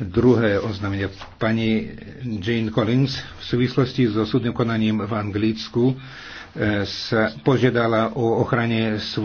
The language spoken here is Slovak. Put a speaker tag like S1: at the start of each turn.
S1: Druhé oznámenie pani Jane Collins v súvislosti so súdnym konaním v Anglicku eh, sa požiadala o ochrane svojho